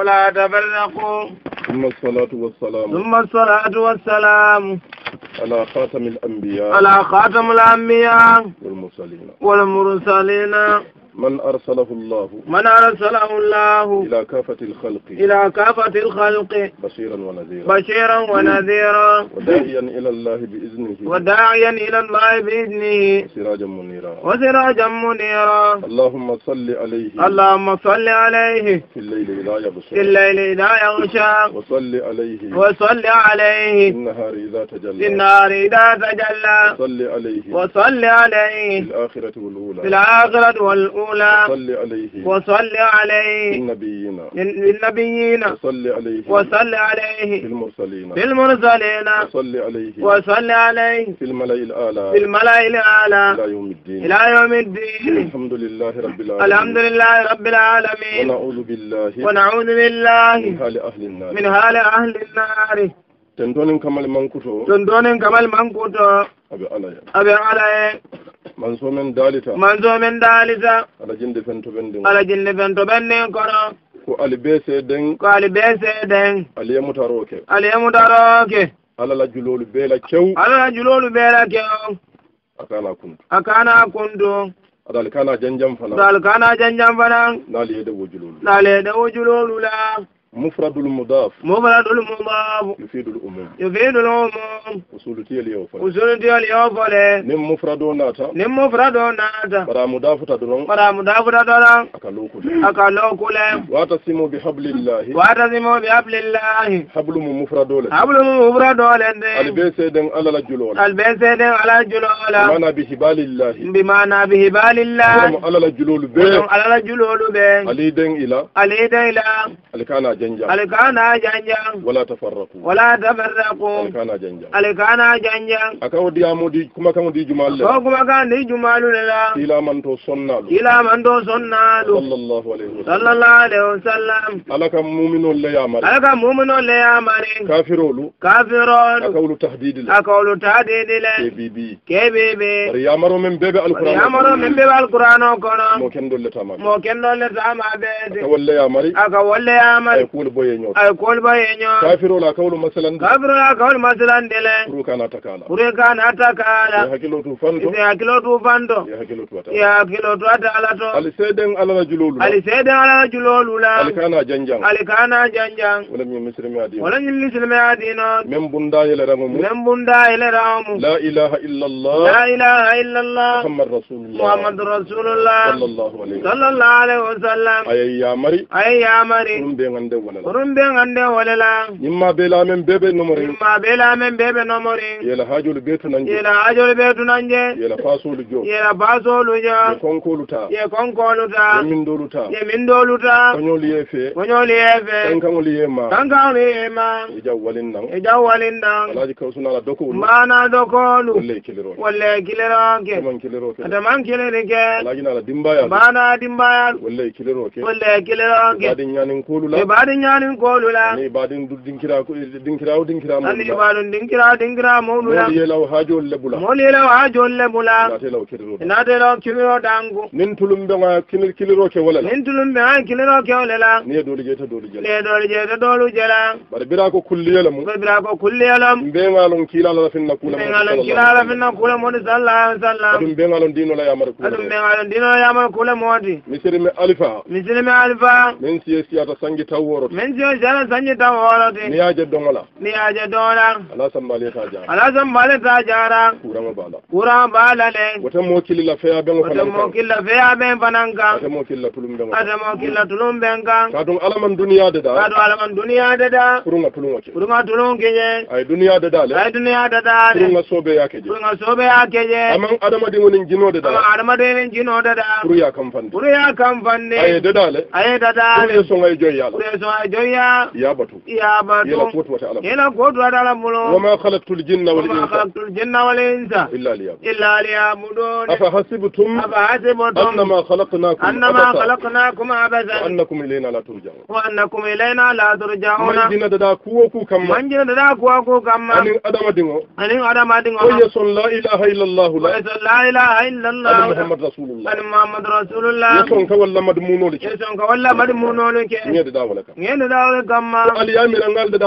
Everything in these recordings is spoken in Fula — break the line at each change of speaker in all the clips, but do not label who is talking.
ولا تفرقوا ثم الصلاة والسلام ثم الصلاة والسلام على خاتم الأنبياء على خاتم الأنبياء والمرسلين والمرسلين من أرسله الله من أرسله الله إلى كافة الخلق إلى كافة الخلق بشيرا ونذيرا بشيرا ونذيرا وداعيا إلى الله بإذنه وداعيا إلى الله بإذنه وسراجا منيرا وسراجا منيرا اللهم صل عليه اللهم صل عليه في الليل إذا يغشى في الليل إذا يغشى وصل عليه وصل عليه في النهار إذا تجلى في النهار إذا تجلى وصل عليه وصل عليه في الآخرة والأولى في الآخرة والأولى رسولا وصل عليه وصل عليه النبيين النبيين وصل عليه وصل عليه المرسلين المرسلين وصل عليه وصل عليه في الملأ الأعلى في الملأ الأعلى إلى يوم الدين إلى يوم الدين الحمد لله رب العالمين الحمد لله رب العالمين ونعوذ بالله ونعوذ بالله من حال أهل النار من حال أهل النار تندون كمال منكوتو تندون كمال منكوتو أبي علي أبي علي manzo men dalita manzo men dalita ala jinde fento ɓenndin ala jinde fento ɓenndin kono ko ali beese den ko ali beese den ali yemutaroke ali yemutaroke ala la julolu beela kew ala la julolu beela kew akana kuntu akana kuntu aɗa alkana janjam fana aɗa alkana janjam fana naali yeɗe wo julolu naali yeɗe wo julolu la مفرد المضاف مفرد المضاف يفيد الأمم يفيد الأمم أصول تي اليوفل أصول تي اليوفل نم مفرد ناتا نم مفرد ناتا برا مضاف تدرون برا مضاف تدرون لهم أكلوكل لهم واتسمو بحبل الله واتسمو بحبل الله حبل مفرد لهم حبل مفرد لهم البيت دن على الجلول البيت دن على الجلول بمعنى بحبال الله بمعنى بحبال الله على الجلول به على الجلول به علي دن إلى علي دن إلى علي كان janjan alkana janjan wala tafarraqu wala tafarraqu alkana janjan alkana janjan akawo diyamu di kuma kan di jumalu ko kuma kan di jumalu la ila man to sonnalu ila man to sonnalu sallallahu alaihi wasallam sallallahu alaihi wasallam alaka mu'minul la yamari alaka mu'minul la yamari kafirolu kafirolu akawlu tahdidil akawlu tahdidil kebibi kebibi riyamaro men bebe alquran riyamaro men bebe alquran kono mo ken dolle tama mo ken dolle tama be akawlle yamari akawlle yamari kuwol boye ño ay kuwol boye ño kafirola kawlu masalande kafirola kawlu masalande le pour kana takala pour kana atakala hakkilo tu fanto e hakkilo tu fanto e hakkilo tu atala to ali seeden alala julolula ali seeden alala julolula ali kana janjang ali kana janjang wala ñi misilmi adino wala ñi misilmi adino men bunda yele rango mum men bunda yele rango mum la ilaha illa llah la ilaha illa llah muhammad rasulullah muhammad rasulullah sallallahu alayhi wa sallam ayya mari ayya mari ɗum ɓe gande wala kurun be ngande wala la nimma be la men bebe nomori nimma be la men bebe nomori yela hajul betu nanje yela hajul betu nanje yela fasulu jo yela basolu jo ye konkolu ta ye konkolu ta ye mindolu ta ye mindolu ta konyoli efe konyoli efe kankangoli yema kankangoli yema ija e walin nan ija e walin nan alaji kawsuna la doko mana dokolu walle kiliro walle kiliro ke man kiliro ke adaman kiliro ke alaji na la dimbaya mana dimbaya walle kiliro ke walle kiliro ke ibadin yanin kolu la baɗin ñanin koolula ani baɗin du dinkira dinkirawo dinkira mani baɗum dinkira dinkira mawlula moolu yelaw haajol lebula moolu yelaw haajol bula? natelaw kiriro natelaw kiriro dangu nin tulum ɓe ga kiliro ke wolela nin tulum ɓe ga kiliro ke wolela ni ye dooli jeyta dooli jela ye dooli jeyta doolu jela mbaɗa bira ko kulliyela mum mbaɗa bira ko kulliyela mbeŋalon kiilala finna kuula mbeŋalon kiilala finna kuula moɗi sallah sallam aɗum mbeŋalon dinola yamara kuula aɗum mbeŋalon dinola yamara kuula moodi misiri mi alifa misiri mi alifa min siye siyata sangi tawwo woro men jo jara sanje ta woro de ni aje don wala ni aje don wala ala sambale ta jara ala sambale ta jara kurama bala kurama bala le wata mo kilila fe abe mo wata mo kilila fe abe bananga wata mo kilila tulum be wata mo kilila tulum be nga ka dun ala man duniya da da ka dun ala man duniya da da kurunga tulum wake kurunga tulum kenye ay duniya da da le ay duniya da da le kurunga sobe yake je kurunga sobe yake je amman adama din wonin jino da da amman adama din jino da da kuru ya kan fande kuru ya kan fande ay da da le ay da da le kurunga so ngai joyala kurunga no a joya yabatu yabatuwatala hena gootu waɗa ala mono woma halaktul jinna wal insa halaktul jinna wal insa illa liyabu illa liyabuɗon afa hasibtum afa hasibtum annama halaknakum annama halaknakum abasa wa annakum ilayna la turjaun wa annakum ilayna la turjauna mandina daɗa kuwo ku kamma mandina daɗa kuwo ku kamma anin adama ɗingo anin adama ɗingo oye son la ilaha illallahu la oyeson la ilaha illallah ani mouhammad rasulullah ani mouhammad rasulullah yeson ka walla mad munoli ke yeson ka walla mad munoli ke ñeɗeɗa wala ka ñeendeɗa ole gamma aliyamira ngaldeɗa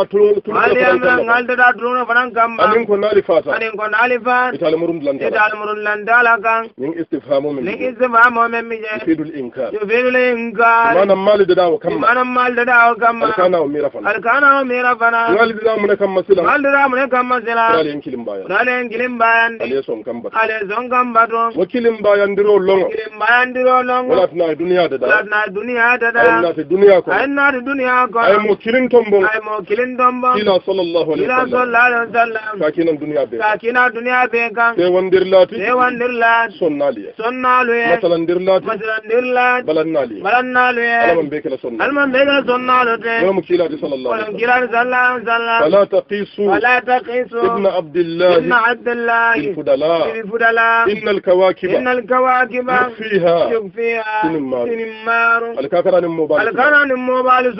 aliyamira ngaldeɗa tulumno fanan gamma anin ko naali fata anin ko naali fat itali murum landa itali murum landala kan min istifhamumin min istifhamumen mije fidul inkar yo fidul inkar manam maalideɗao kamma manam maalideɗao kamma alkanao mira fana alkanao mira fana ngaldeɗa mune kamma sila ngaldeɗa mune kamma sila ali en kilim mbayan ali en kilim mbayandi aliye son kam bat aliye son kam baton mo kilim mbayandiro longo kilim mbayandiro longo walatinaye duniya deɗa walatinaye duniya deɗa anate duniya ko aennate duni duniya kono ay mo kilin tombon ay mo kilin tombon ila sallallahu alaihi wasallam ila sallallahu alaihi wasallam sakina duniya be sakina duniya be kan te wandir lati te wandir lati sonnali sonnalu e masalan dir lati masalan dir lati balannali balannali e alman be kala sonnali alman be kala sonnalu te wala mo kilati sallallahu alaihi wasallam wala kilati sallallahu alaihi wasallam fala taqisu fala taqisu ibn abdullah ibn abdullah الفدلاء الفدلاء إن الكواكب إن الكواكب يخفيها يخفيها سنمار الكاكران الموبال الكاكران الموبال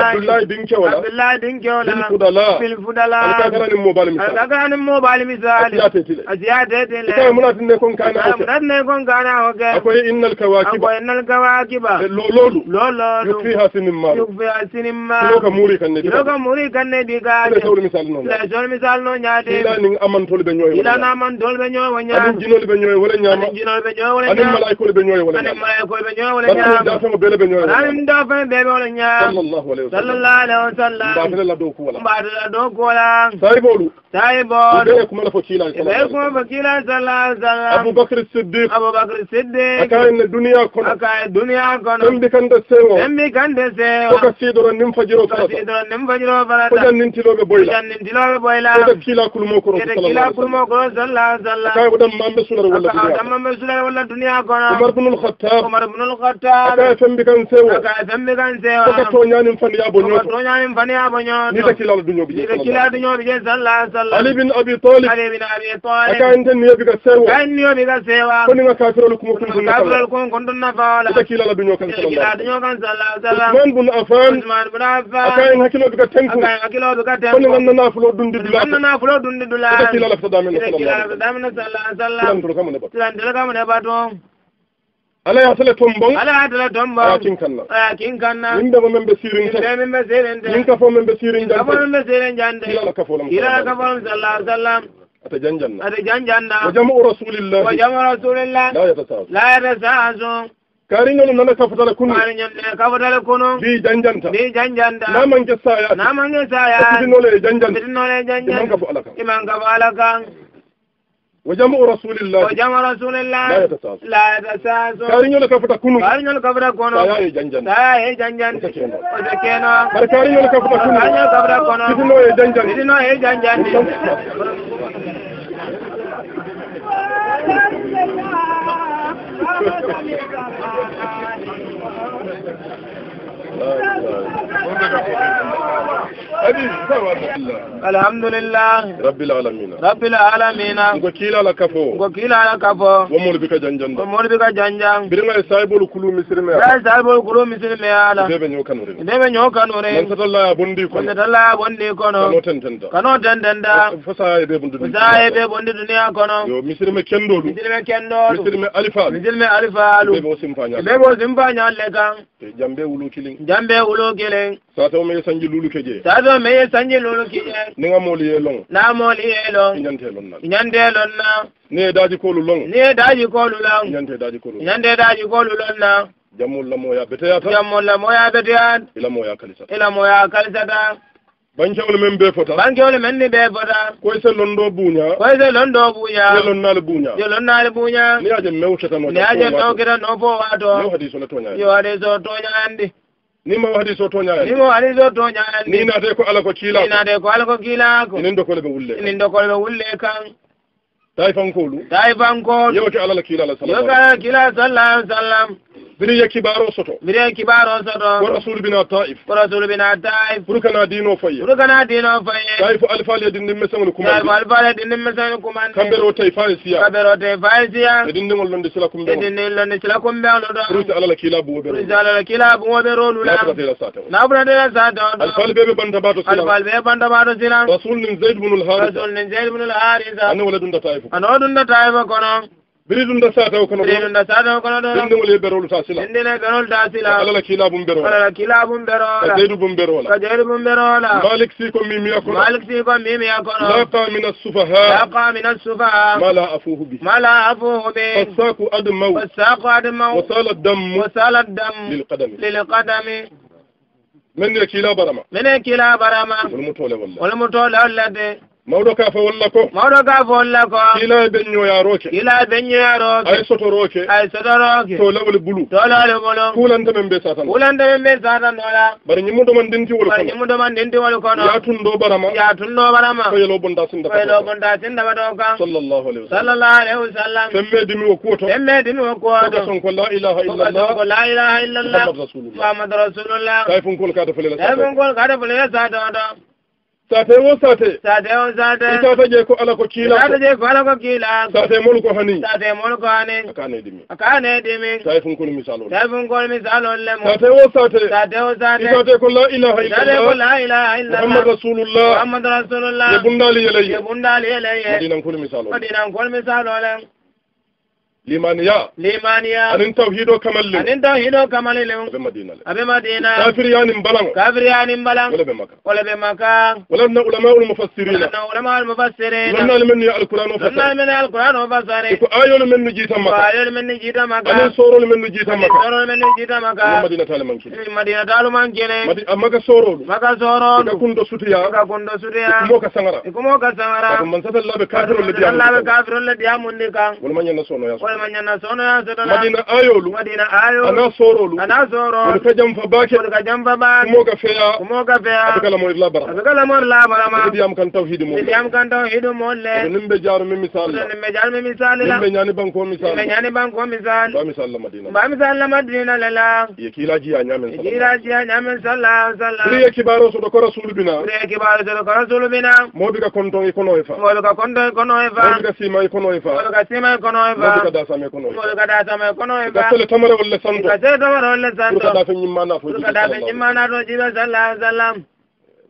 abdoulaye bin kewla abdoulaye bin kewla bilfudala bilfudala alkagarani mobal misal alkagarani mobal misal asiyatetile asiyatetile ikaye munatine kon kana hoke munatine kon kana hoke akoye innal kawakiba akoye innal kawakiba e lo lolu lo lolu yukfiha sinim ma yukfiha sinim ma kiloka muri kanne di kiloka muri kanne di ka ne sol misal non la sol misal non nyaade ila ning aman tol be nyoy ila na aman tol be nyoy wonya adin jinol be nyoy wala nyama adin jinol be nyoy wala nyama adin malaikol be nyoy wala nyama adin malaikol be nyoy wala nyama adin dafa be be nyoy wala nyama adin dafa be be wala nyama sallallahu alaihi alayhi wasallam sallallahu alayhi wasallam mbatele la dow kuwala mbatele la dow kuwala sahiboɗu sahiboɗu ɓe kuma la fo kiilani ɓe kuma fo kiilani sallallahu alayhi wasallam aboubacre siddiq aboubacre siddiq akayne duniya kono akaye duniya kono fembi kande sewo fembi kande sewo koka siidoro nim fajiro farata koka siidoro nim fajiro farata kojan nintiloɓe boyla kojan nintiloɓe boyla koka kiila kulmo kono kete kiila kulmo kono sallallahu alayhi wasallam akaye ko ɗam mamɓe sunata walla duniya ɗam mamɓe sunata walla duniya kono omar bnul khattab omar bnul khattab akaye fembi kan sewo akaye fembi kan sewo koka toñanin fani yaabo ñooto tooñaamin fani yaabo ñooto nita kila la duñooɓe jeeta kila duñooɓe jee salla salla ali bin abi talib ali bin abi talib akaa nten mi yoɓi ka sewa kaa ni yoɓi ka sewa koni nga kafirol kuma kun kun kafirol kuma kon ɗon nafaola nita kila la duñoo kan salla kila duñoo kan salla salla usman bun afan usman bun afan akaa en hakkiloɓe ka tenku akaa en hakkiloɓe ka tenku koni ngan na naafulo dundi dula ngan na naafulo dundi dula nita kila la fita daamen na salla kila la fita daamen na salla salla silantelo kamo neba tong alaya sele tombong alayatele tombong akinkanna akinkanna yimɓeɓo memɓe sirinteɓemɓe sirinte min kafo memɓe sirinjankafo memɓe sirin jande ilala kafolam ilala kafolam sallah alih sallam ate janjanna ate janjanna o jamo rasulillahi o jamo rasulillah la yatasaaso karinono nana kafotale kunu kafotale kono bi janjanta bi janjanta namange saya namange saya tinole janjanta tinole janjanta imankafo alakan imankafo alakan وجمع رسول الله وجمع رسول الله لا كونو كونو سايا جنجن سايا جنجن كونو كونو جنجن جنجن alhamdulillah rabbil alamin rabbil alamin ngo kila la kafo ngo kila la kafo wo mo bi ka janjan wo mo bi ka janjan bi ngal saibul kulu misrima ya saibul kulu misrima ya ala be be nyoka nore be be nyoka nore man satalla bondi ko satalla bondi ko no kano tentenda kano tentenda fasa e be bondi fasa e be bondi dunia ko no yo misrima kendo misrima kendo misrima alifa misrima alifa be bo simpanya be bo simpanya le kan E, jambe wulu kiliŋ jambe wulu kiliŋ saatoo ma ye sanji lulu ke je saatoo ma ye sanji lulu ki je ni ŋa mooli ye loŋ naa mooli ye loŋ ñantee loŋ na ñantee loŋ na ni ye daaji koolu loŋ ni ye daaji koolu loŋ ñantee daaji koolu ñantee daaji koolu loŋ na jammol la mooyaa beteyaata jammol la mooyaa beteyaat i la mooyaa kalisata i la mooyaa kalisata bancewle men be fota bancewle men ni be fota koye se londo buuña koye se londo buuña ye lonnaali buuña ye lonnaali buuña ni aje mewtetano ni aje tawkita no fo waato yo hadiso ne toña yo hadiso toña andi ni ma hadiso toña andi ni ma hadiso toña andi ni naate ko ala ko kiilako inaate ko ala ko kiilako inin dokole ɓe wulle inin dokole ɓe wulle kan tawi fankolu tawi fankolu yewke alala kiilala salayo ke alala kiilala salalah sallam mbiɗen yiya kibaro soto mbiɗen kibaro soto ko rasul bina taif ko rasul bina taif pour kana dino faye pour kana dino faye taif alfaali hedin ndin meseŋol kumande taif alfaali hedin ndin meseŋol kumande kamɓero tay faali siya kamɓero tay faali siya hedin ndiŋol londe sila kumɓe hedin ndin londe sila kumɓeŋlo ɗo poursi alala kila buwoɓe poursi alala kila buwoɓe rolula naɓuratela sata naɓuratela sata alfaali ɓeɓe banta bato sila alfaali ɓeɓe banta bato sila rasul nin zeyd bunul harisa rasul nin zeyd bunul harisa ane wala ɗum da taifa ano ɗum da taifa kono biridum da sa taw kono biridum da sa taw kono ɗo bindimol e berol ta sila bindine berol ta sila alala kilabum berola alala kilabum berola ka jeydu bum berola ka jeydu bum berola malik si ko mimiya kono malik si ko mimiya kono laqa min assufaha laqa min assufaha mala afuhu bi mala afuhu bi fasaku admau fasaku admau wasala damu wasala damu lilqadami lilqadami من كلا برما من كلا برما والمتولى والله والمتولى والله mawɗo ka fo walla ko mawɗo ka fo walla ko kila beññoya roke kila beññoya roke ay soto roke ay soto roke to lawle bulu to lawle bulu kulande men be satan kulande men be satan ɗola bara ñimmudoman denti wol kono ñimmudoman denti wol kono ya tunɗo ɓarama ya tunɗo ɓarama koyelo bonda sinda koyelo bonda sinda ɓa ɗo kan sallallahu alayhi wasallam sallallahu alayhi wasallam femme dimi wo kuwoto femme dimi wo kuwoto son ko la ilaha illallah ko la ilaha illallah muhammadu rasulullah muhammadu rasulullah kay fun kol kada fo lela sa kay fun kol kada fo lela sa ɗo ɗo sate wo sate sate wo sate itata je ko ala ko kiila itata je ko ala ko kiila sate mol ko hani sate mol ko hani akane dimi akane dimi tay fun kol misalo tay fun kol misalo le mo sate wo sate sate wo sate itata ko la ilaha illa allah ko la ilaha illa allah muhammad rasulullah muhammad rasulullah ye bundali yele ye bundali yele ye madinan kol misalo madinan kol misalo le limaniya limaniya anin tawhido kamalle anin tawhido kamalle abe madina le abe madina kafiriya nin balan kafiriya nin balan wala be maka wala be maka wala na ulama ul mufassirin na ulama al mufassirin wala na minni al qur'an wa fasara wala minni al qur'an wa fasara ko ayol minni jita maka ayol minni jita maka anin sorol minni jita maka sorol minni jita maka madina tal manki madina tal manki ne maka soro maka soro ka kundo sutiya ka kundo sutiya ko ka sangara ko mo ka sangara ko man sata be kafirul le diamun labe kafirul le diamun ne kan wala man yana sono ya manyana sono ya sono madina ayolu madina ayolu ana sorolu ana soro wal kajam fa bake wal kajam fa bake mo ga feya mo ga feya akala mo la bara akala mo la bara ma diyam kan tawhid mo diyam kan tawhid mo le nimbe jaru mi misal la nimbe jaru mi misal la nimbe nyani banko misal nimbe nyani banko misal ba misal la madina ba misal la madina la la yekila ji anya men yekila ji anya men sallallahu sallam riye kibaro so do ko rasul bina riye kibaro so do ko rasul bina mo bi ka konton ikono efa mo bi ka konton ikono efa mo bi ka sima ikono efa mo bi ka sima ikono efa kada same kono ngol kada same kono e ba gasele tamara wala samdo gasele tamara wala samdo kada fe nyimma na fo jibe sallallahu alaihi wasallam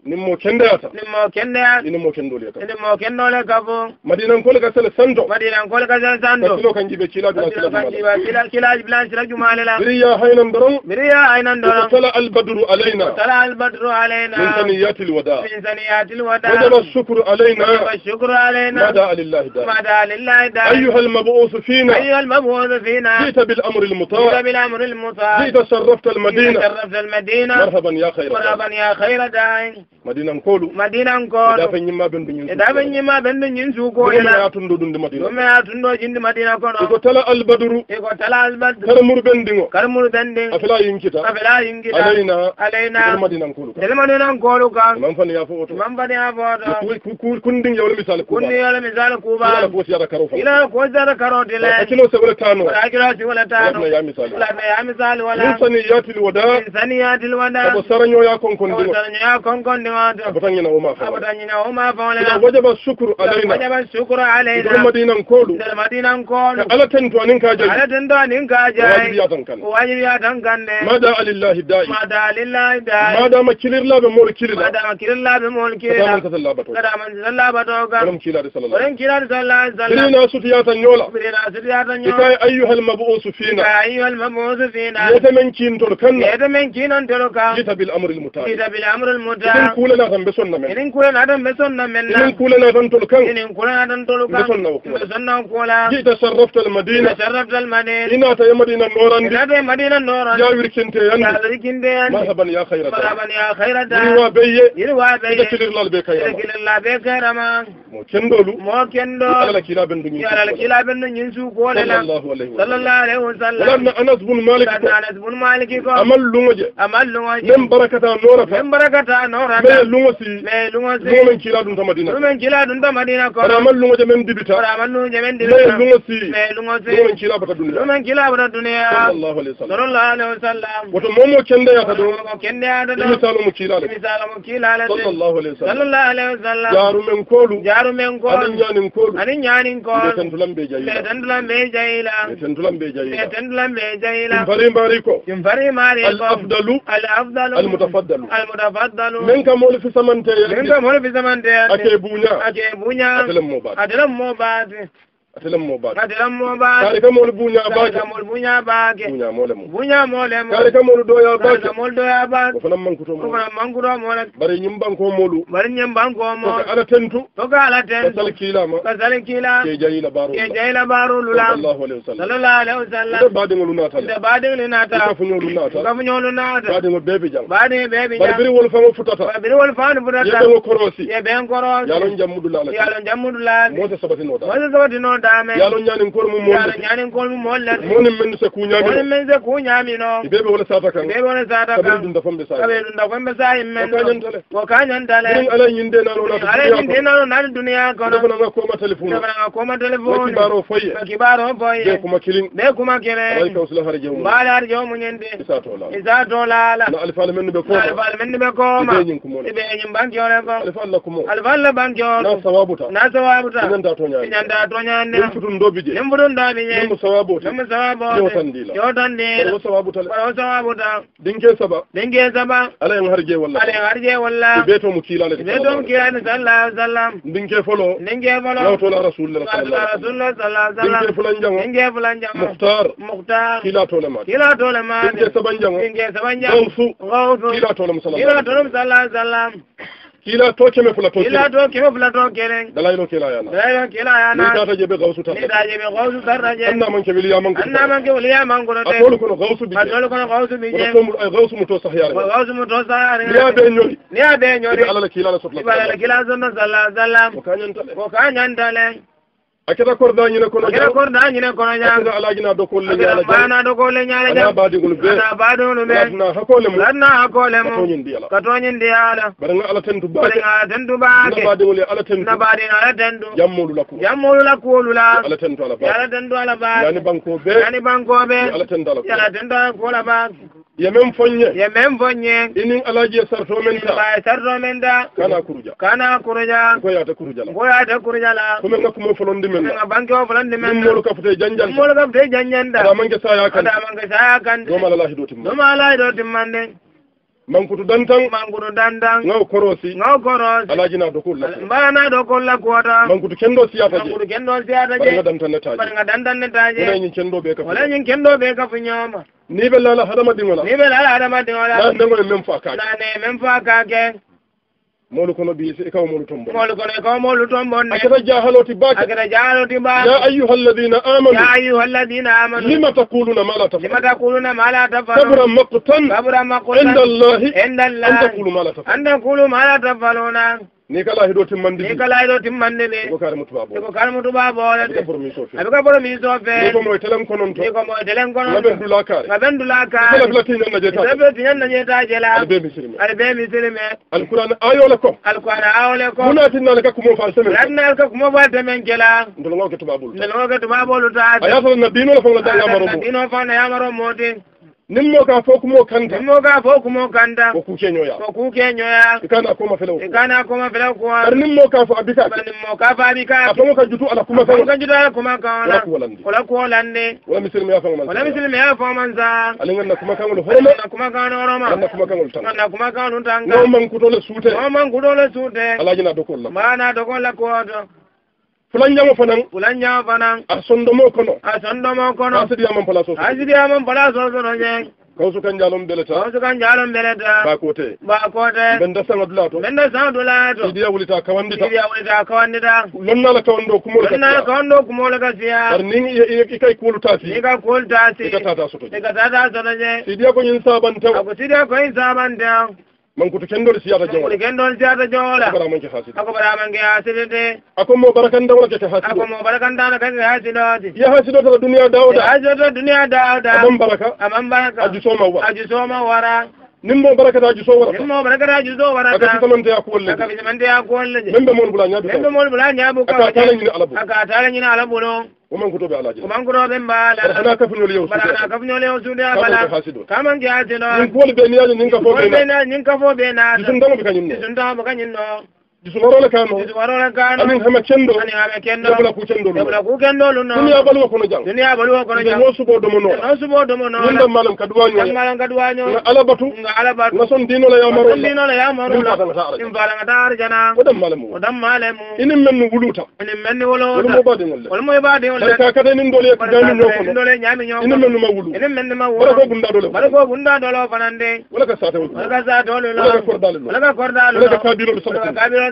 nimmo kendeyata nimmo kendeyata inimo kendole ka inimo kendole ka fo madinan kol ka sel sando madinan kol ka sel sando kilo kan jibe kila bila kila kan jibe kila kila bila kila jumale la biriya hainan doron biriya hainan doron tala al badru alaina tala al badru alaina min saniyatil wada min saniyatil wada wajaba shukru alaina wajaba shukru alaina mada lillahi da mada lillahi da ايها المبعوث فينا ايها المبعوث فينا جئت بالامر المطاع جئت بالامر المطاع جئت شرفت المدينه شرفت المدينه مرحبا يا خير مرحبا يا خير داعي madina nkoolu madina nkoolu edafe ñimma ɓen ɓe ñin edafe ñimma ɓen ɗo ñin suukoyela yatundo ɗumde madina ɗume yatundo jinde madina kono iko tala albadru iko tala albadru kara mur ɓendigo kara mur ɓending afela yinkita afela yinkita alayna alaynao madina nkoolu ndele madina nkoolu kam mam fani yafo oto mam fani yafo oto kunding yawle misal kuba kunding yawle misal kuubala fosi yata karo fa ila fosi yata karo dile akilo sewle tano akilo sewle tanona ya misal lana ya misal wala min sani yatil wada min sani yatil wada ko sarañoya konkon ndigo sarañoya konkon ndigo نيمادو أبدا ينهما فولا أبدا ينهما فولا إذا وجب الشكر علينا وجب الشكر علينا إذا المدينة نقولو إذا المدينة نقولو على تنتو ننكا جاي على تنتو ننكا جاي واجب ياتن كان واجب ياتن كان ماذا لله داي ماذا لله داي ماذا ما كيلر لا بمول كيلر ماذا ما كيلر لا بمول كيلر كذا من تسلا بتوك كذا من تسلا بتوك ولم كيلر صلى الله ولم كيلر صلى الله عليه وسلم برينا سوتياتا نيولا برينا سوتياتا نيولا إذا أيها المبعوث فينا إذا أيها المبعوث فينا يتمنكين تركنا يتمنكين تركنا جيت بالأمر المتعب جيت بالأمر المتعب kula la tan besonna men enen kula la tan besonna men na enen kula la tan tol kan enen kula la tan tol kan besonna kula besonna kula ji ta sarrafta al madina sarrafta al madina ina ta madina noran ina ta madina noran ya wirkinte yan ya wirkinte yan marhaban ya khairata marhaban ya khairata ni wa bayye ni wa bayye ida kilir lal be kayama kilir lal be kayama mo kendolu mo kendo ala kila ben dunyi ala kila ben dunyi su ko la sallallahu alaihi wasallam sallallahu alaihi wasallam lan anas bin malik anas bin malik ko amal lumaje amal lumaje nem barakata norata nem barakata norata ɓe lugo si lugo min kila ɗum ta madina min kila ɗum ta madina ko aɗa man lugoje men dibita aɗaman lugoje men dibita ɓe lugo si lugo min kila bata duniya min kila bata duniya sallallahu alayhi wa sallam sallallahu alayhi wa sallam woto momo kendeyata ɗo kendeyata ɗo misalo mo kilale misalo mo kilale sallallahu alayhi wa sallam sallallahu alayhi wa sallam jaru men kolu jaru men kolu anin ñanin kolu anin ñanin kolu ɓe tentulan ɓe jayila ɓe tentulan ɓe jayila ɓe tentulan ɓe jayila ɓe tentulan ɓe jayila ɗum fari mbari ko ɗum fari mbari ko al afdalu al afdalu al mutafaddalu al mutafaddalu min kam moolu fi samanteyal min ko moolu fi samanteyal ate buuña ate buuña atelem moo baati atelem moo baati atelemmo baake atelemmo baake kaari kamolu buñaa baake kamolu buñaa baake buña moole mo buñaa moole mo kaari kamolu doyaa baake kamolu doyaa baake ko fana mankuto mo ko fana mankuto moole bari ñim banko moolu bari ñim banko mo toka ala tentu toka ala tentu ka sal kiilama ka sal kiila ke jayila baaru ke jayila baaru lulam sallallahu alayhi wasallam sallallahu alayhi wasallam ida baadiŋo lu naata ida baadiŋo lu naata ida fuñoo lu naata ida fuñoo lu naata baadiŋo beebi jaŋ baadiŋo beebi jaŋ bari biri wolu faŋo futata bari biri wolu faŋo futata ye beŋo korosi ye beŋo korosi yalon jammudu laala yalon jammudu laala moose sabatinoota moose sabatinoota ñaminta amen yo allah ñanin kor mum moolle ñanin kor mum moolle moni mende se kuñamino mende se kuñamino ibeɓe wona sata kan ibeɓe wona sata kan ɗum dafamɓe sa kaɓe ɗum dafamɓe sahim men ko kañantale ko kañantale ala yinde nano nat ala yinde nano nani duniya kono defananga koma téléphone defananga koma téléphone kibaro foye kibaro foye kuma kilin ɓe kuma kilenkawsla hara jewmu mbaale hara jewmu ñinde isa to laala na alifaale men ne ɓe koma alifaale men ne ɓe koma ɓeñin kumon ɓeñin banque o ne ko alifa allah kumo alifa allah banque o na sawabuta na sawabuta iñanda toñaa iñanda toñaani nefutun dobi je nefutun dobi je nemu sababu te nemu sababu te jewtan di la jewtan di la wala sababu tal wala sababu tal dinge saba dinge saba ala yang harje wala ala yang harje wala beto mu kila le beto mu kila ni sallallahu alaihi wasallam dinge folo dinge folo yaw tola rasulullah sallallahu alaihi wasallam dinge folan jango dinge folan jango muhtar muhtar kila tola ma kila tola ma dinge saba jango dinge saba jango gawsu gawsu kila tola sallallahu alaihi wasallam kila tola sallallahu alaihi wasallam kiila to keme fula to kiila to keme fula to kelen dalay no kiila yana dalay no kiila yana ni data jebe gawsu tar ni data jebe gawsu tar na je anna man ke wili yaman ko anna man ke wili yaman ko te atolu kono gawsu bi atolu kono gawsu bi je gawsu mu gawsu mu to sah yare gawsu mu to sah yare ni abe nyori ni abe nyori ala kiila la sotla ala kiila zonna sallallahu alaihi wasallam ko kanyan tale ko kanyan tale a keta korda ñine kono jaa keta korda ñine kono jaaga alajina dokolle ñala jaa ana dokolle ñala jaa ana baadi gulu be ana baadi gulu be ladna hakole mu ladna hakole mu katoñin diyala katoñin diyala bare nga ala tentu baake bare nga ala tentu baake na baadi gulu ala tentu na baadi ala tentu jammolu la ko jammolu la ko lula ala tentu ala baake ala tentu ala baake yani banko be yani banko be ala tentu ala ko ala tentu ala ko ala baake ye men foñe ye men foñen inin alaji ye sarto men da ay sarto men da kana kuruja kana kuruja goyata kuruja la goyata kuruja la komen ngakku mo folondi men da banke o folondi men da molo kapte janjan molo kapte janjan da da manke saya kan da manke saya kan do mala lahi do timma do mala lahi do timma ne mankutu dantan mankutu dantan ngaw korosi ngaw korosi alaji na do kulla mbara na do kulla kota mankutu kendo siyata je mankutu kendo siyata je bar nga dantan ne taje bar nga dantan ne taje wala nyin kendo be kafu wala nyin kendo be kafu nyama ni be lala hadamaden wala ni be lala hadamaden wala la ndengo ne men fa ka la ne men fa ka ke molu kono bi se kaw molu tombo molu kono kaw molu tombo ne akata jahaloti ba akata jahaloti ba ya ayyuhal ladina amanu ya ayyuhal ladina amanu lima taquluna ma la tafalun lima taquluna ma la tafalun kabra maqtan kabra maqtan inda allah inda allah an taqulu ma la tafalun an taqulu ma la tafaluna nikala hido timmande ni kala hido timmande ne ko kare mutu babo ko kare mutu babo wala de so fe abika so fe ko mo telen konon to ko mo telen konon ngaben dula kare ngaben dula kare ko la tinan na jeta ko tinan na jeta jela albe misrime albe misrime alquran ayole ko alquran ayole ko muna tinan ka kumo fa semen ranna ka kumo fa demen jela ndol ngoke to babul ndol ngoke to babul ta ayata na dino la fa la dalla maro mo dino fa na ya mo din nimmoga foku mo kanda nimmoga foku mo kanda ko kuke nyoya ko kuke nyoya ikana ko ma felaw ikana ko ma felaw ko ar nimmoga fo abika bar nimmoga fo abika afon ka jutu ala kuma kan ka jutu ala kuma kan wala wala ko lande wala misil me afon manza wala misil me afon man alinga na kuma kan wala na kuma kan horoma na kuma kan wala na kuma kan wala tanga no man kudole sute no man kudole sute ala jina dokolla mana dokolla ko fulanñamo fanan fulanñamo fanan a sondomo kono a sondomo kono asidiyamam place o asidiyamam place o sono ñeng kawsu kan jaalon beleta kawsu kan jaalon beleta ba bakote ba ben benda sanadu lato benda da sanadu lato idiya wulita kawandita idiya wulita kawandita lonna la kawando kumol ka lonna la kawando kumol ka siya ar ning ikay kulu tasi ika kulu tasi ka tata soto ika tata soto je idiya ko nyin saban taw ko idiya ko nyin mankoto kendol siyata jowo kendol siyata jowola a baramanke hasid ako baramanke hasido de ako mo barakandawla kete hasid ako mo barakandano kete hasidode ye hasido tata duniya dawda hasido tata duniya dawda amam baraka amam baraka aju soma wa aju soma wara nimmo barakataji so warata nimmo barakataji so warata aka sitaman de akol le aka sitaman de akol le membe mon bula nyabi membe mon bula nyabu ka aka tala nyina alabu aka tala nyina alabu no o man kuto be alaji o man kuto be mbala bala ka fnyo le yosu bala ka fnyo le yosu de bala ka man ja de no ni ko be ni ya ni ka fo be na ni ka fo be na sun dama be kanyin no sun dama be kanyin no jisumarole kanoamin kama cendoabla ku cendoola ku kendoolunodunia baluwo kono jang dunia baluwo kono jang no subo domonoola no subo domonoolanda malam ka duwañoomalam ka duwañoola ala batu nga ala batu nason dinola yamarol dinola yamarolain falangata arjana odam malamu odam malemu inin menni wuluta inin menni wolowolmo badiol olmoy badiolle kakata inin dole ñami ñokonodole ñami ñoko inin mennuma wulu inin mennuma wul wala ko gunda dole wala ko gunda dolo fanande wala ka sateolwala ka sateolwala ka kordalewala ka kordalewala ka kabirol sabatin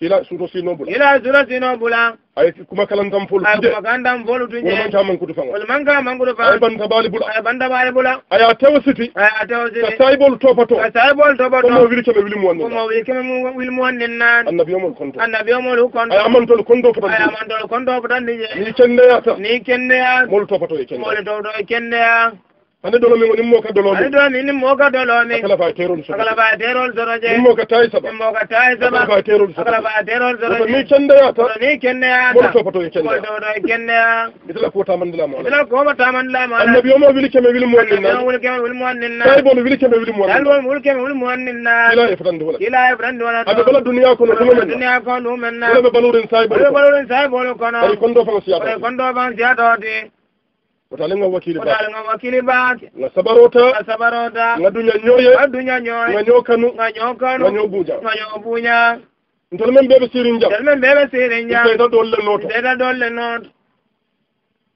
hila suto sinobula hila suto sinobula aye kuma kalan tan folu tude kuma kalan tan folu tude wala manta mangudu fanga wala manka mangudu fanga aye banta bali bula aye banta bali bula aye atewo siti aye atewo siti ka sai bolu topa to ka sai bolu topa to ko mo wili kema wili mo ko mo wili kema wili mo wonnen nan annabi yomol kondo annabi yomol kondo aye amanto lu kondo fotan aye amanto lu kondo fotan ni ni kende ya ni kende ya mol topa to e kende mol topa to e kende ya hannde dolo min o ɗimmo ka dolomi ɗo min immo ka dolomi kala fa terol so kala fa terol soroje immo ka tay saba immo ka tay saba kala fa terol so kala fa terol soroje ni kenne yata ni kenne yata mo to poto kenne yata do kenne ya bitala ko tamandi la mo bitala ko mo tamandi la mo annabi o mo wili kemi wili mo wonni na annabi o wili kemi wili mo wonni na tay bo mo wili kemi wili mo wonni na annabi o wili kemi wili mo wonni na ila e fadan dola ila e fadan dola ado bala dunya ko no dum men dunya ko no men na ko balurin sai bo ko balurin sai bo ko no ay kondo fa siyata ay kondo fa siyata de wota le ngam wakili ba ngam wakili bak nga sabarota nga sabarota nga duña ñooye nga duña ñooye nga ñoo kanu nga ñoo kanu nga ñoo buña nga ñoo buña ntel men mbeɓe sirin jam tel men mbeɓe sirin jam ta dol le noto ta dol le noto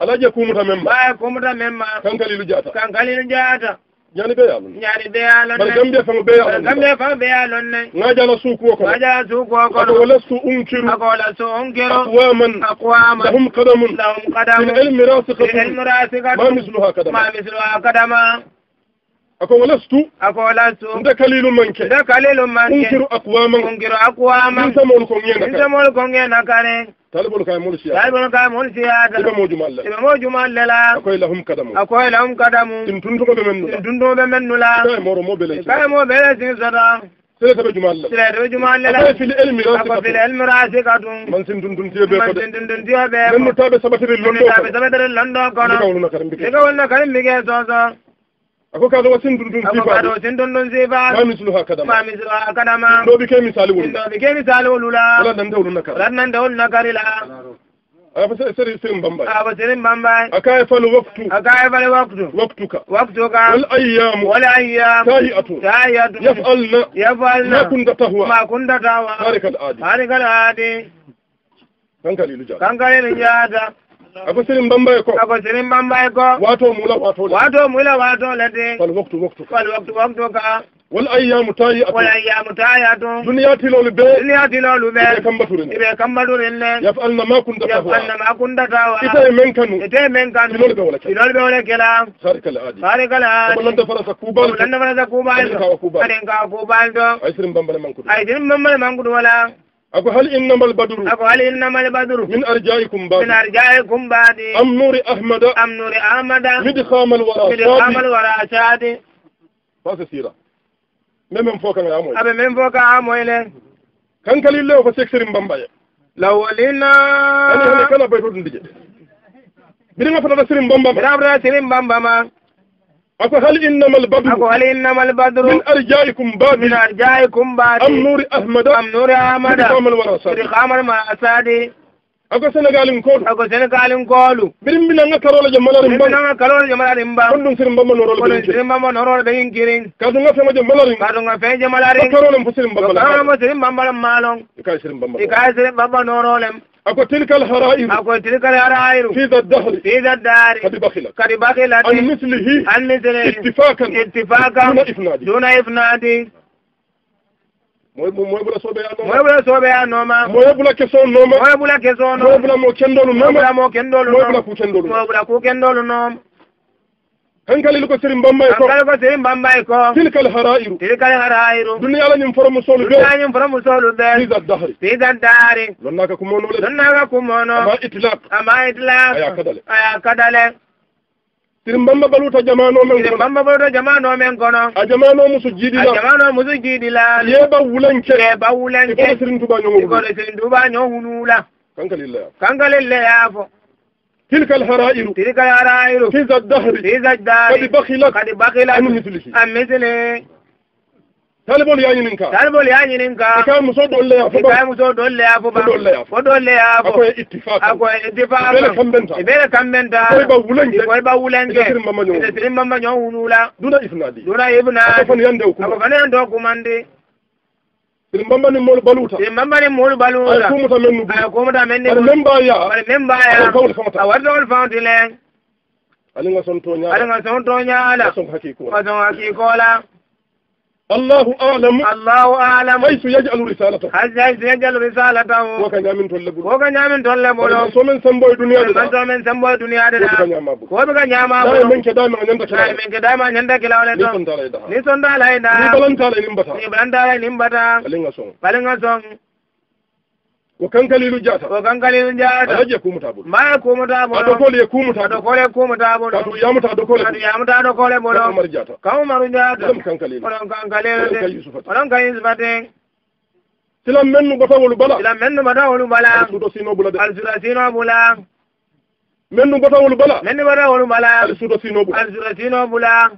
alaje kumuta men ma baya kumuta men ma kankalilu jata kankalilu jata ñaani ɓe yaalon ñaani ɓe yaalon bara gambie fan ɓe yaalon gambie fan ɓe yaalon ne ŋajala suukuwo kono ŋajala suukuwo kono ako walastu unkiru ako walastu unkiru aqwaman aqwaman lahum qadamun lahum qadamun il ilmi rasikatu il ilmi rasikatu ma misluha kadama ma misluha kadama ako walastu ako walastu nda kalilu manke nda kalilu manke unkiru aqwaman unkiru aqwaman insamol kon ŋena kare insamol kon ŋena kare talibol kay mol siya talibol kay mol siya da be mo jumal la be mo jumal la la akoy lahum kadam akoy lahum kadam tin tuntu ko be men tin tuntu be men la kay mo ro mo be le kay mo be le sin sada sire be jumal la sire be jumal la akoy fil ilmi rasika akoy fil ilmi rasika dum man sin tuntu tiya be ko man sin tuntu tiya be men tabe sabatere londo tabe sabatere londo kono ko wonna karim bi ko wonna karim bi ke so so ako kaga wasin durdun sifa ako kaga wasin durdun sifa ma mislu hakada ma mislu hakada ma do bi ke misali wulu do bi ke misali wulu la wala nan da wulu nakar wala nan da wulu nakar la afa sari sirin bambai afa sirin bambai akaya fal waqtu akaya fal waqtu waqtuka waqtuka wal ayyam wal ayyam tahiyatu tahiyatu yaf'alna yaf'alna ma kunta tahwa ma kunta tahwa harikal adi harikal adi kankali lujada kankali lujada abo sinin bambaye ko abo sinin bambaye ko wato mula wato wato mula wato lade fal waktu waktu fal waktu waktu ka wal ayyamu tayatu wal ayyamu tayatu dunya tilolu be dunya tilolu be ibe kambaturin ibe kambaturin ne yaf'alna ma kunta tahwa yaf'alna ma kunta tahwa ite men kanu ite men kanu tilolu be wala kela tilolu be wala kela sarika al adi sarika al adi wallan da farasa kubal wallan da farasa kubal aden ka kubal aden ka kubal do ay sirin bambale mankudu ay sirin bambale mankudu wala أكو هل إنما البدر أكو هل إنما البدر من أرجائكم بعد من أرجائكم بعد أم نور أحمد أم نور أحمد من مدخام الوراء مدخام الوراء شادي فاس سيرة من من فوق عامويل أبي من فوق عامويل كان كلي الله فسيكسر بمبايا لو لنا أنا هلا كنا كان بيتوت بدينا بيرنا فتا سيرين بدينا بيرنا فتا سيرين ما أفهل إنما البدر أقول إنما البدر من أرجائكم بعد من أرجائكم بعد أم نور أحمد أم نور أحمد رقام الورثة رقام المعاصي أقول سنقال إن كول أقول سنقال إن كول بريم بنا كارولا جمالا رمبا بريم بنا كارولا جمالا رمبا كندون سرمبا من نورا بين كيرين سرمبا من نورا بين كيرين كادونا فيما جمالا رين كادونا في جمالا رين كارولا مفسرمبا من نورا كارولا مفسرمبا من نورا كارولا مفسرمبا من ako tilkal haraire ako tilkal haraire fidaddahri fidaddari kadi bahila kadi bahila an mislihi an misli ittifaqan ittifaqan duna ifnadi duna ifnadi moy bula soɓe a nooma moye bula question nooma moye bula question nooma moye bula mo kendolu nooma moye bula mo kendolu nooma moye bula ku kendolu nooma hankalil ko sérigne bambaye ko hankalil ko sérigne bambaye ko tilkal harairu tilkal harairu duniya la ñim foromu solu be duniya ñim foromu solu be sisa dahri sisa dahri lonnaka ko mono le lonnaka ko mono ama itlaq ama itlaq aya kadale aya kadale sirin bamba baluta jamano men sirin bamba baluta jamano men kono a jamano musu jiidila a jamano musu jiidila yeɓa wulanke yeɓa wulanke ikono sirin tuba ñoŋo ikono sirin tuba ñoŋo hunula kankalille ya kankalille ya fo تلك الحرائر، تلك الحرائر، في الدهر في الدهر قد بخلت قد بخلت عن مثله عن مثله talibol ya ɲininka talibol ya ɲininka i ka muso dɔ le ya fo ban i ka muso dɔ le ya fo ban fo dɔ le ya fo a ko ye itifaka a ko ye itifaka i bɛ kanbɛn ta i bɛ kanbɛn ta i ba wulen kɛ i ba wulen kɛ i tɛ siri mama ɲɔn wulu la duna ibnadi duna ibnadi a ko fana yan dɔw kuma a ko fana yan dɔw kuma ndi ɗin mambani moolu baluuta ɗin mambani moolu Baluta. aye kumuta men nugu aye kumuta men nugu aɗa membaya aɗa membaya aɗa fawde fawta a waɗi ɗogol fawti le aɗa nga son toñaala aɗa nga son toñaala son hakikola son hakikola allahu alamu allahu alamu haysu yajalu risalata haysu yajalu risalatahu woka ñamin tolle bu woka ñamin tolle bulo somen sembo e duniya de somen sembo e duniya de daka ñama bu koɓeka ñama bu men ke dama a ñanda kilaw men ke dama a ñanda kilawle to ni sondalay da ni sondalay da ni balantalay nimbata ni balantalay nimbata balinga song balinga song ko kankalilu jata ko kankalilu jata alaje kumuta bulu ma kumuta bulu adokole kumuta adokole kumuta bulu kadu yamuta adokole kadu yamuta adokole bulu kamar jata kamar jata kam kankalilu kam kankalilu de kam yusuf de silam mennu bata bala silam mennu bata wolu bala sudo sino bula de al sudo sino bula mennu bata bala mennu bata bala al sudo sino bula al sudo sino bula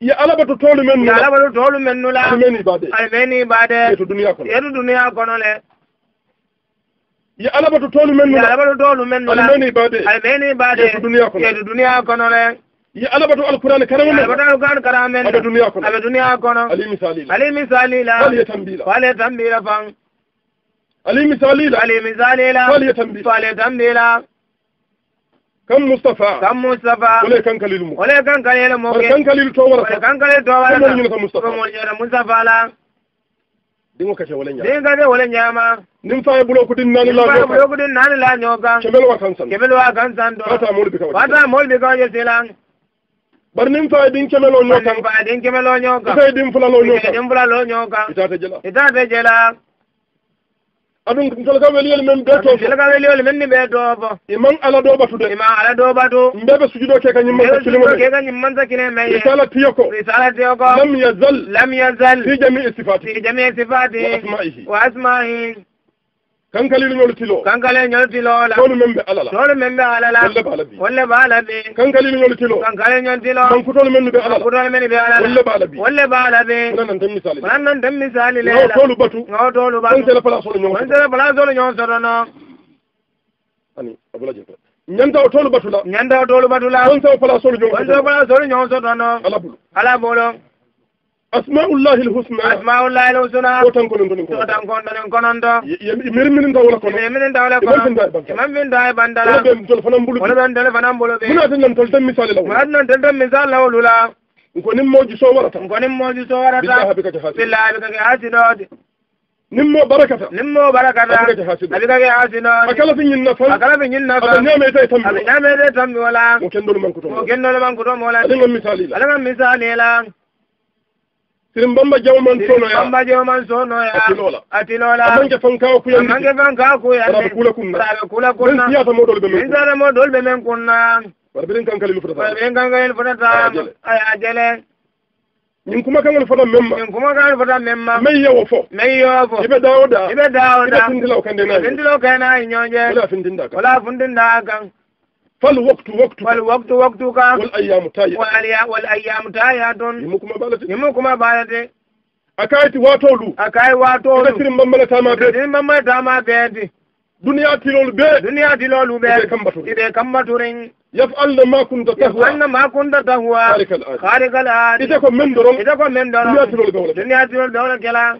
ya alabato tolu mennu ya alabato tolu mennu la almeni bade almeni bade yetu duniya kono yetu duniya kono le ya alaba to tolu men ya alaba to tolu men ala men ibade ala men ibade ya duniya ko ya duniya kono le ya alaba to alquran karam men alaba to alquran karam men ala duniya ko ala duniya kono ali misali ali misali la wal yatambila wal yatambila fan ali misali la ali misali la wal yatambila wal yatambila kam mustafa kam mustafa wala kan kalilu wala kan kalilu mo kan kalilu to wala kan kalil to wala kan kalilu to wala kan kalilu dingo kace wala nyama dinga de wala nyama nim fa bulo kudin nani la nyoka bulo kudin nani la nyoka kebel wa kansan kebel wa kansan do fata mol bi kawal fata mol bi kawal selan bar nim fa din kemelo nyoka nim fa din kemelo nyoka sai din fulalo nyoka din fulalo nyoka ita ta jela ita ta jela aɗum felka weliyol men ɓe to felka weliyol men ni ɓe doobo iman ala dooɓatude ima ala dooɓatu mbeɓe sujudo ke kañum man sakkilimo ke kañum man sakkine men risala tiyo risala tiyo lam yazal lam yazal fi jamii sifati fi jamii sifati wa asma'ihi wa asma'ihi kankali no ñolotilo kankale ñolotilola tolu men be alala tolu men be alala wolle bala bi wolle bala bi kankali no ñolotilo kankale ñolotilo donc tolu men be alala tolu men be alala wolle bala bi wolle bala bi nan nan tammi sali nan nan tammi sali le no tolu batu no tolu batu kankale pala solo ñolotilo kankale pala solo ñolotilo no ani abula jeta ñanta o tolu batu la ñanta o tolu batu la kankale pala solo ñolotilo kankale pala solo ñolotilo no ala bulu ala bulu أسماء الله الحسنى أسماء الله الحسنى كوتان كونن كونن كوتان كونن كونن دا يمين من دا ولا كونن يمين دا ولا كونن من دا يبان من دا يبان دا ولا بين تل فنام بولو ولا بين تل فنام بولو بين من أتن تل تل مثال لاو sirim bamba jawman sono bamba jawman sonoyaatilola atilola amanke fankawa kuya amanke fankawa kuyaraɓe kula kunnaraɓe kula kunna min siyata moɗol ɓe min siyata moɗol ɓe men kunna waɗa ɓiɗen kankalel fotata waɗaɓiɗen kankalel fotata ay a jele min kuma kangal fota memma min kuma kangal fota memma mai yewo fo mai yewo fo iɓe dawoɗa iɓe dawoɗa fintilaw kandenaa fintilaw kaynaa ñoƴe wala fintinda kan wala funtinda kan fal waktu waktu fal waktu waktu ka wal ayamu taya wal ya wal ayamu taya don yimu kuma balate yimu kuma balate akayti watolu akay watolu katir mbambala tama be din mbambala tama be di dunya tilolu be dunya tilolu be ibe kambatu ibe kambatu ren yafal na ma kunta tahwa yafal na ma kunta tahwa kharikal ad kharikal ad ite ko mendoron ite ko mendoron dunya tilolu be wala dunya tilolu be wala kelang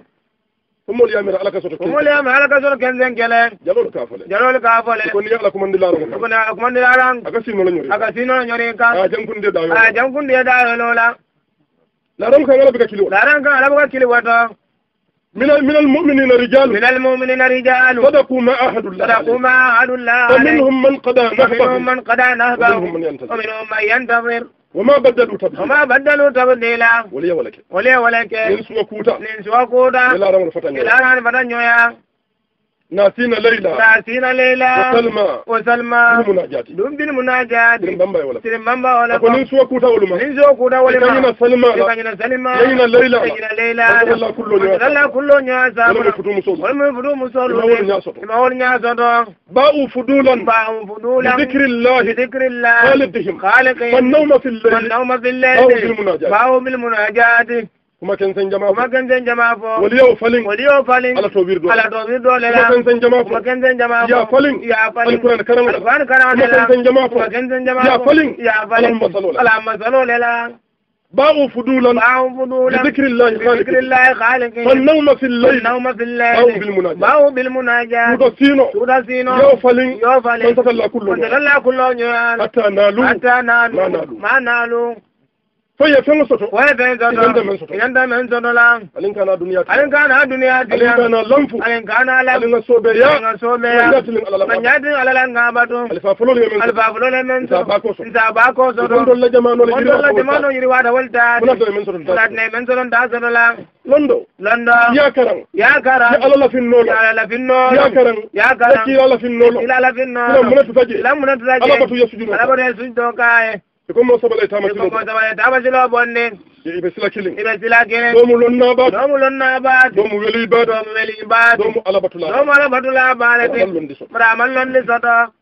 umul yam ala ka soto umul yam ala ka soto kenzen gele jalol ka fole jalol ka fole ko ni ala ko mandi laro ko ko na ko mandi laro aga sino la nyori aga sino la nyori ka a jam kunde da a jam kunde da lola laron ka ala bika kilo laron ka ala bika kilo wata من من المؤمنين رجال من المؤمنين رجال صدقوا ما عهد الله صدقوا ما عهد الله ومنهم من قضى نهبه ومنهم من قضى نهبه ومنهم من ينتظر ومنهم من ينتظر wama baddalu tab wama baddalu tabdila waliya walake waliya walake nen suwa kuta nen suwa kuta elaranono fata ñoya elaranono fata ñoya ناسينا ليلى ناسينا ليلى وسلمى وسلمى بالمناجات دون بالمناجات ترمبا ولا ترمبا ولا أكو نسوا كوتا ولما نسوا كوتا ولما كانينا سلمى كانينا سلمى كانينا ليلى كانينا ليلى الله كله نياسا الله كله نياسا ولم يفدو مسول ولم يفدو مسول ما هو نياسا باء فضولا باء فضولا بذكر الله بذكر الله خالقهم خالقهم والنوم في الليل والنوم في الليل باء بالمناجات باء بالمناجات كما كان سن جماعه كما كان سن جماعه وليو فالين وليو فالين على توبير دول على توبير دول كما كان سن جماعه كما كان سن جماعه يا فالين يا فالين القران كرم القران كرم كما كان سن جماعه كما كان سن جماعه يا فالين يا فالين اللهم صل على باعوا فضولا باعوا فضولا بذكر الله خالق بذكر الله خالق فالنوم في الليل النوم في الليل باعوا بالمناجاة باعوا بالمناجاة تدسينو تدسينو يو فالين يو فالين من كله من تتلع حتى نالو حتى نالو ما نالو foye feŋo soto foye feŋo soto inanta meŋ soto inanta meŋ soto la aniŋ kana duniya tuma aniŋ kana duniya tuma aniŋ kana lanfu aniŋ kana lanfu aniŋ ka sobeya aniŋ ka sobeya aniŋ nyatiliŋ ala la aniŋ nyatiliŋ ala la ŋa bato alifa folo le meŋ alifa folo le meŋ soto nsaaba ko soto nsaaba ko soto kondol la jamano le yiriwa kondol la jamano yiriwa da wali taa muna tene meŋ soto taa muna tene meŋ londo londo yaa karaŋ yaa karaŋ ye ala la fin ala la fin noolo yaa karaŋ yaa karaŋ la fin noolo la fin noolo ila muna tuta je ala batu c'est comme mo soɓole tamatilo ko soɓole tamatilo bonde iɓe sila kilin iɓe sila kilin domu lonna baat domu lonna baat domu weli baat domu weli baat domu alabatula domu alabatula baalete ɓaɗaman londi soto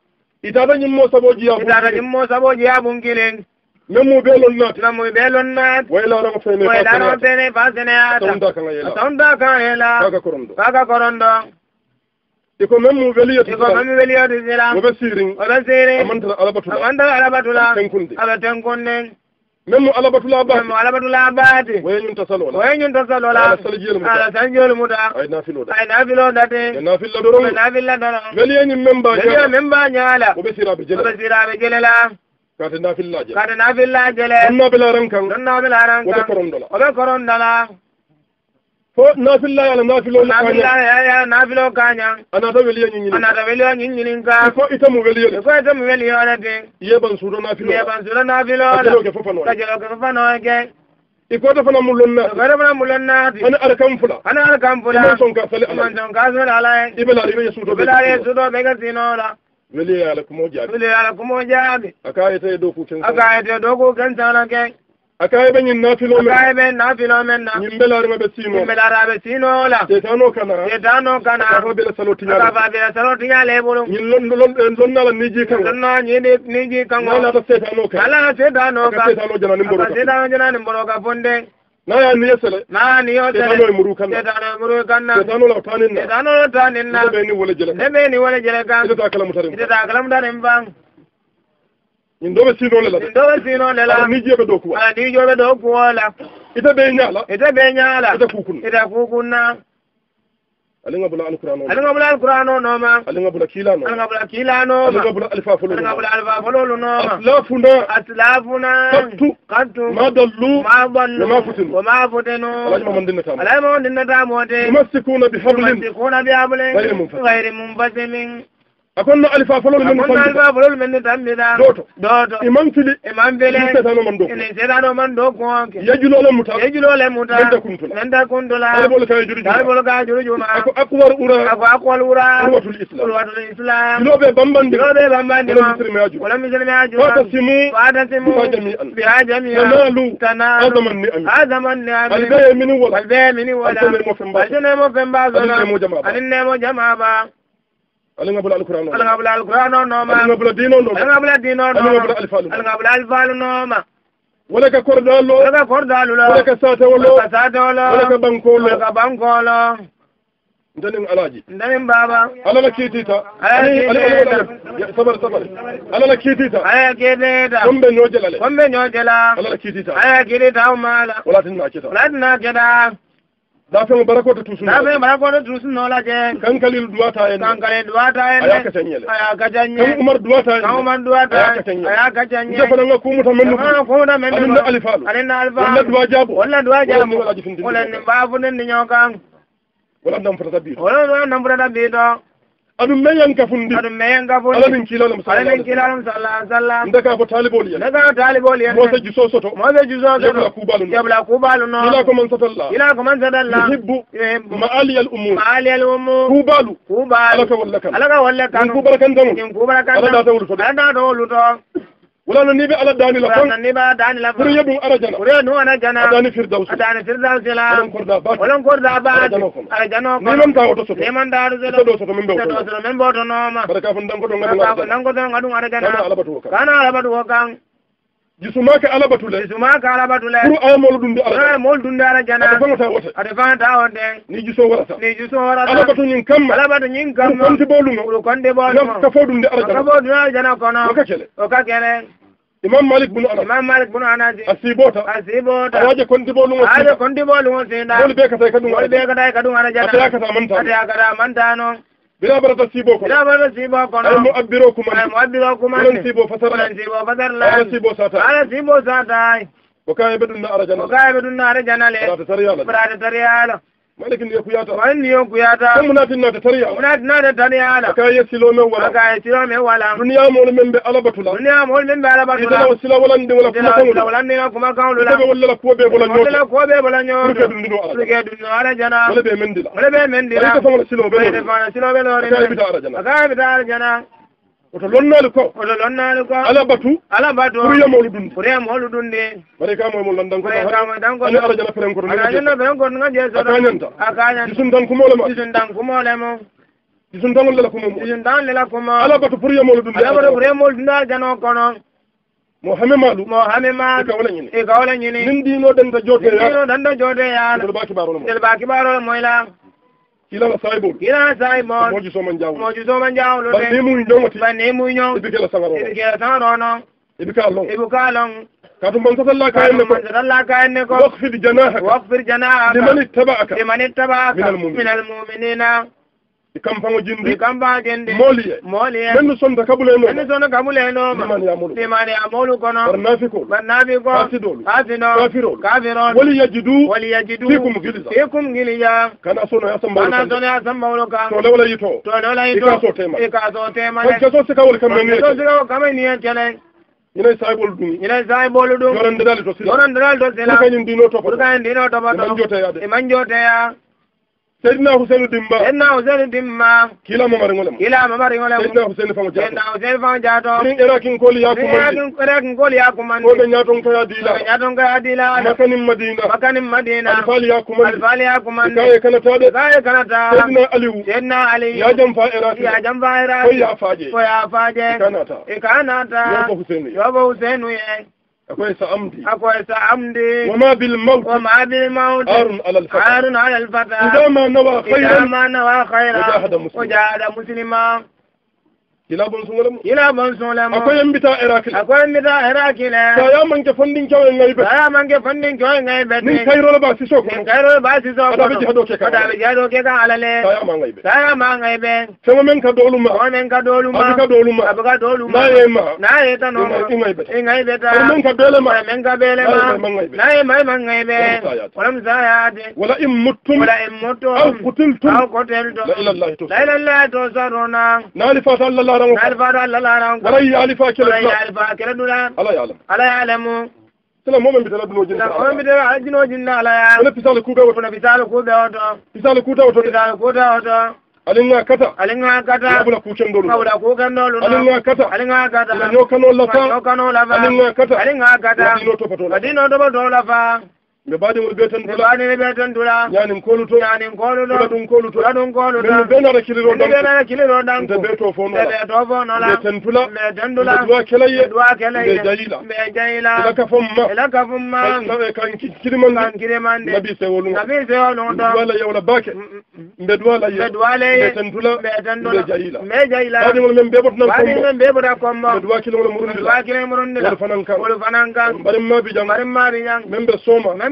itata ñimmo saɓoji sabo itata ñimmo saɓoji ya bun kilin memu be lon naat memu be lon naat wayla rama fene wayla rama fene fasene ata tawda kan yela tawda kan yela kaga korondo kaga korondo e ko même mo weliyatoomomi weliyato silam oɓe sirin oɓe sirin amantata alabatula amantan alabatula tenkunde aɓe tenkunde même mo alabatula baatemo alabatula baati wayeñunta salola wayeñunta salola ala sañjeolu muta aynafiloda ay nafilodate nafilla doroe nafilla doro weliyañin mem baaa mem ba ñaala oɓe siraɓe jele oɓe siraɓe jelela kate nafillaje kate nafillajele donnaɓelaren kan donnaɓelaren kan oɓe korondola oɓe korondola nafila yala nafilo kanya nafila yala nafilo kanya ana da weliyo nyin ana da weliyo nyin nyin ka ita mu weliyo ko ita mu weliyo na de ye ban suro nafilo ye ban suro nafilo ka jelo ke fofano ka jelo ke fofano ke ikoto fana mulonna ikoto fana mulonna ana ala fula ana ala kam fula man son ka sale ala man son ka sale ala ibela ibe suto ibela ye suto be ga tinola weliyo ala kumo jabi weliyo ala kumo jabi aka ite do ku ken aka ite do ku ken sana ke akaye be nyin nafilo men akaye be nafilo men na nyin belar ma besino nyin belar ma besino la tetano kana tetano kana ka be la saloti nyale ka be la saloti nyale bolo nyin lon lon lon na la niji kan lon na nyin niji kan wala ta tetano ka ala tetano ka tetano jana nimbo ka tetano jana nimbo ka fonde naya niyo sele naya niyo sele tetano muru kan tetano muru kan na tetano la tanin na tetano la tanin na be ni wala jele be ni wala jele kan tetano kala mutarim tetano kala mutarim bang min ɗo ɓe siinole la ɗo ɓe siinole la ni joɓe dow kuwa ni joɓe dow kuwola ite ɓe ñaala ite ɓe ñaala ite kukunna ite kukunna alinga bula alqur'an alinga bula alqur'an o noma alinga bula kila noma alinga bula kila noma alinga bula alfa fulu alinga bula alfa fulu noma aslafuna aslafuna qattu qattu ma dallu ma dallu ma futinu wa ma futinu alayma man dinna tamu alayma man dinna tamu de yumassikuna bi hablin yumassikuna bi hablin ghayri munfasim ghayri munfasim akonno alifa fololu men ko alifa fololu men tan mbiɗa doto doto iman e fili iman fili setano man do ene setano man do gonke yajulo le muta yajulo le muta menta kuntu menta kuntu la ay bolo kay juru juma ay bolo kay juru juma ako akwar ura ako akwar ura ruwatul islam ruwatul islam lo be bamban de lo be bamban de wala misri me ajuma wala misri me ajuma fata simu fata simu bi ajami ya nalu tana azaman ni ami azaman ni ami albe mini wala albe mini wala albe mo fembazo albe mo jamaba albe mo jamaba alanga bula alquran no alanga bula alquran no ma alanga bula dino no alanga bula dino no alanga bula alfalu alanga bula alfalu no ma wala ka kordalo wala ka kordalo wala ka sata wala ka sata wala wala ka bankolo wala ka bankolo ndanin alaji ndanin baba alala kitita sabar sabar alala kitita aya kitita kombe nyojelale kombe nyojela alala kitita aya kitita umala wala tinna kita wala tinna kita lafeŋo barakoto tusu lafeŋo barakoto tusu no la je eh. kankalil duwata en eh. kankale duwata en eh. aya kacañele aya kacañe kan umar duwata en kan umar duwata aya kacañe aya kacañe nde fananga kumuta men nuko kumuta men nuko aninna alifalu aninna alifalu walla duwa jabo walla duwa jabo wala ni bafunen ni ñokan wala ndam fotata biito wala ndam fotata biito aɗum meyan gafundi aɗum meyan gafundi alamin kilalum alamin kilalum sallah sallam ndaka ko talibol yen ndaka ko talibol yen mose ju sosoto mose ju sosoto jabla kubalu jabla kubalu no ila ko man satalla ila ko man satalla yuhibbu ma aliyal umur ma aliyal umur kubalu kubalu alaka wallaka alaka wallaka in kubarakan damu in kubarakan damu ala da tawluto ala da tawluto wala no niɓe ala danila koniɓe danila pour yeɓum ara jana pour yeɓnum ara jana adani firdaus adani firdausila olon korda bat ara jano nimanta oto soto nimanta oto soto soto soto min beoto soto min beoto nooma barakafo ndankoto ngadu ara jana kana alabatu wo kan kana alabatu wo kan jisumaake alabatule jisumaake alabatule pour amolo ɗum de ala mol ɗumde ala eh, janaa fagata wote ata fagata on ɗen ni jiso warata ni jiso warata alabatu ñin kamma alabatu ñin kamma konte ɓoluma ɗo konde ɓolum kafo ɗum de ala janakafo ɗum ala jana kono oka kele oka kelen imam malik bunu ana imam malik bunu anasi asibota asibota awaje konte ɓolumo aja konte ɓolumo sinɗa woli ɓekatae kaɗum woli ɓekatae kaɗum ana janaa ata yakata amantaa ata yakata amantaa noon بلا برد سيبو بلا برد سيبو كنا أنا مؤبروكم أنا مؤبروكم أنا سيبو فسر أنا سيبو فسر لا أنا سيبو ساتا أنا سيبو ساتا وكاي بدون نار جنا وكاي بدون نار جنا لي براد تريالا براد تريالا malikin da ya kuyata wani ya kuyata sai munafin na ta tarya munafin na ta tarya ala aka yi silo men wala aka yi silo men wala duniya mo men be alabatula duniya mo men be alabatula ida wasila wala ndi wala kuma kan wala wala ndi kuma kan wala ida wala ko be wala nyoto wala ko be wala nyoto ke dundu ala ke dundu ala jana wala be mendila wala be mendila ida fa wala silo be wala silo be lore aka bi ala jana aka bi ala jana oto lonnaali ko oto lonnaali ko ala batu ala batu ɓuriya mawlu ɗum ɓuriya mawlu ɗum de bare ka moye mo landankoani arajala peren koto arajala peren koto ga jeeso a kañanta a kañanta jisum dan kumolema jisum dan kumolemo jisum tan lela kumo jisum tan lela kumo ala batu ɓuriya mawlu ɗum ala batu ɓuriya mawlu ɗum de aljano kono mo hame maɗum mo hame maɗum e kawla ñini e kawla ñini min ndino danta joote ya ndino danta joote yaala tel ba kibarolo mo tel ba kibarolo moyla hilala saybol hilala saybol moƴu soma jaw moƴu soma jawlude ba ne muy ñowoti ba ne muy ñow ibi kela sangaro ibi kela sangaro non ibi ka long ibi ka long kato man sasalla ka enne ko sasalla ka enne ko waqfir janaha waqfir janaha liman ittaba'aka liman ittaba'aka minal mu'minina kampaŋo jindi kampaŋo jindi mooli ye mooli ye mennu sonta kabule nooma mennu sonta kabule nooma simani ya moolu simani ya moolu kono bar naafi kolu bar naafi kolu kaasi doolu kaasi doolu kaasi roolu kaasi roolu wali ya jidu wali ya jidu fikum gilija fikum gilija kana sona ya samba kana sona ya samba wolo kan tole wala yito tole wala yito ikaso tema ikaso tema ne kaso sika wali kamen ne kaso sika wali kamen ne kene inay saay bolu dum inay saay bolu dum yoron dalal to sila yoron dalal to sila kanyin dino to kanyin dino to bato man jote ya de man jote ya seydina husainu dimma seydina husainu dimma kila mamari ngolem kila mamari ngolem seydina husainu fango jato seydina husainu fango jato rin era kin koli ya kumandi era kin koli ya kumandi ko be nyaton dila nyaton kaya dila makanin madina makanin madina alfali ya kumandi alfali ya kumandi kaye kana tabe kaye kana ta seydina aliu seydina ali ya jamfa era ya jamfa era ko ya faje ko ya faje kana ta ikana ta yobo husainu yobo husainu ye أكو إسا عمدي وما بالموت وما بالموت عارن على الفتح عارن على الفتح إذا ما نوى خيرا إذا ما نوى خيرا وجاهد مسلما, ila bon sungalam ila bon sungalam akoy mbita irakila akoy mbita irakila to ya manke fondin kawai ngai be ya manke fondin kawai ngai be ni kairo ba si so ni kairo ba si so da bi hado ke ka da bi hado ke ka alale to ya ma ngai be to ya ma ngai be so men ka dolu ma o men ka dolu ma ka dolu ma ka dolu ma na ye ma na ye ta no ngai be ngai be ta men ka dole ma men ka bele ma na ye ma ma ngai be walam zayat wala in muttum wala in muttum aw qutiltum aw qutiltum la ilaha illallah la ilaha illallah to sarona na li fata allah يعلم ولا يعرف أكلنا ولا يعلم sila momen bitala duno jinna sila momen bitala ala jino jinna ala ya wala pisali kuta wato pisali kuta wato pisali kuta wato pisali kuta wato alinga kata alinga kata abula kucen dolu abula kucen dolu alinga kata alinga kata ila nyokano lafa nyokano lafa alinga kata alinga kata wadino to patola wadino to patola fa nde mbaade wo ɓee tan dula ɓaade ne ɓee tan dula ñaanin koluto ñaanin koluto ɗa ɗum koluto ɗa ɗum koluto min mbeen ara kili ro ɗanɓe ara kili ro ɗan nde ɓee to fo nola ɓee to fo nola ɓee tan dula ɓee tan dula dowa kelaye dowa kelaye jayila ɓee jayila elaka fom ma elaka fom ma kan kirimande kan kirimande nabi sewo lunga nabi sewo lunga ɗa dowala yawla baake mbe mm, mm, mm. dowa laye mbe dowa laye ɓee tan dula ɓee tan dula ɓee jayila ɓee jayila ɓaade wo men mbeɓoto nan kombo ɓaade men mbeɓota kombo mbe dowa kilo ngol murundila dowa kilo ngol murundila wolu fanan kan wolu fanan kan mbaɗen maabi jan mbaɗen maabi jan men ɓe sooma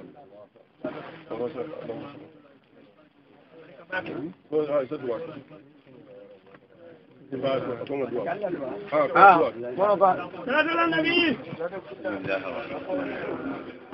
Wa se радou an. Palek kapat an. Panlan paingen. Panlan. Panlan an petit. couban nan pou ven.